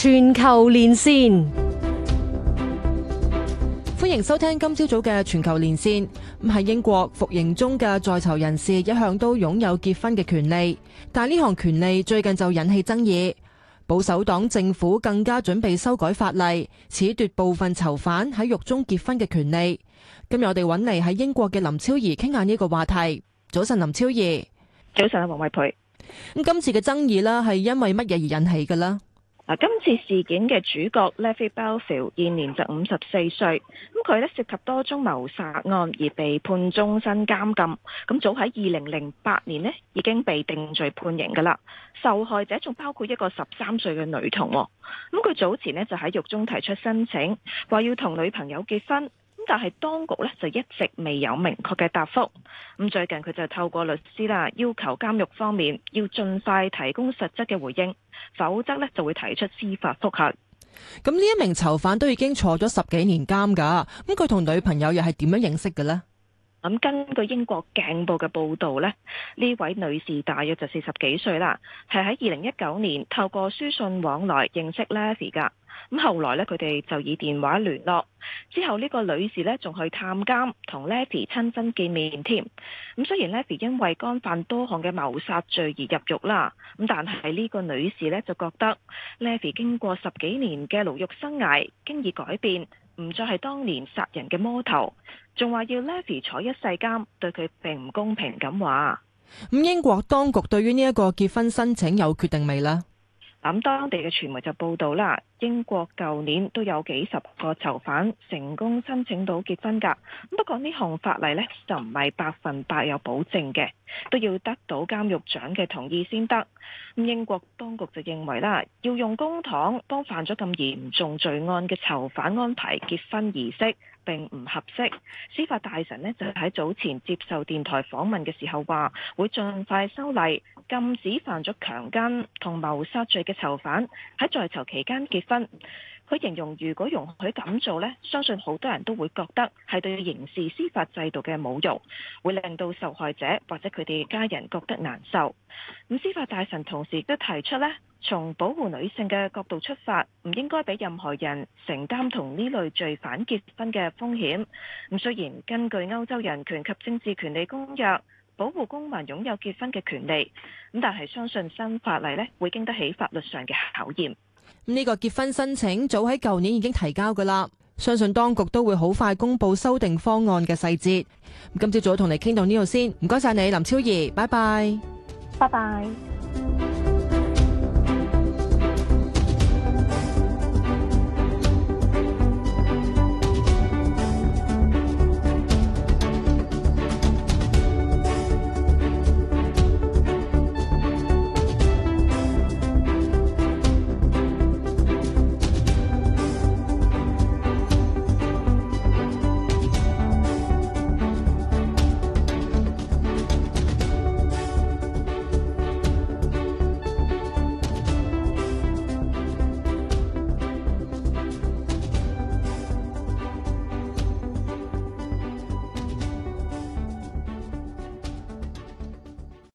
全球連線，歡迎收聽今朝早嘅全球連線。咁喺英國服刑中嘅在囚人士一向都擁有結婚嘅權利，但呢項權利最近就引起爭議。保守黨政府更加準備修改法例，褫奪部分囚犯喺獄中結婚嘅權利。今日我哋揾嚟喺英國嘅林昭儀傾下呢個話題。早晨，林昭儀，早晨啊，王慧蓓。今次嘅爭議啦，係因為乜嘢而引起嘅呢？嗱、啊，今次事件嘅主角 Levi Bellfield 現年就五十四歲，咁佢呢涉及多宗謀殺案而被判終身監禁，咁早喺二零零八年呢，已經被定罪判刑噶啦，受害者仲包括一個十三歲嘅女童，咁佢早前呢，就喺獄中提出申請，話要同女朋友結婚。但係當局咧就一直未有明確嘅答覆。咁最近佢就透過律師啦，要求監獄方面要盡快提供實質嘅回應，否則咧就會提出司法覆核。咁呢一名囚犯都已經坐咗十幾年監噶，咁佢同女朋友又係點樣認識嘅呢？咁根據英國鏡報嘅報道咧，呢位女士大約就四十幾歲啦，係喺二零一九年透過書信往來認識 Levi 噶。咁後來咧，佢哋就以電話聯絡。之後呢個女士咧，仲去探監，同 Levy 親身見面添。咁雖然 Levy 因為干犯多項嘅謀殺罪而入獄啦，咁但係呢個女士咧就覺得 Levy 經過十幾年嘅牢獄生涯，經已改變，唔再係當年殺人嘅魔頭，仲話要 Levy 坐一世監，對佢並唔公平。咁話，咁英國當局對於呢一個結婚申請有決定未咧？咁當地嘅傳媒就報道啦。英國舊年都有幾十個囚犯成功申請到結婚㗎，不過呢項法例呢，就唔係百分百有保證嘅，都要得到監獄長嘅同意先得。英國當局就認為啦，要用公帑幫犯咗咁嚴重罪案嘅囚犯安排結婚儀式並唔合適。司法大臣呢，就喺早前接受電台訪問嘅時候話，會盡快修例禁止犯咗強奸同謀殺罪嘅囚犯喺在，在囚期間結。分，佢形容如果容許咁做呢，相信好多人都會覺得係對刑事司法制度嘅侮辱，會令到受害者或者佢哋家人覺得難受。咁司法大臣同時都提出呢，從保護女性嘅角度出發，唔應該俾任何人承擔同呢類罪犯結婚嘅風險。咁雖然根據歐洲人權及政治權利公約，保護公民擁有結婚嘅權利，咁但係相信新法例呢，會經得起法律上嘅考驗。咁呢個結婚申請早喺舊年已經提交噶啦，相信當局都會好快公布修訂方案嘅細節。咁今朝早同你傾到呢度先，唔該晒你，林昭儀，拜拜，拜拜。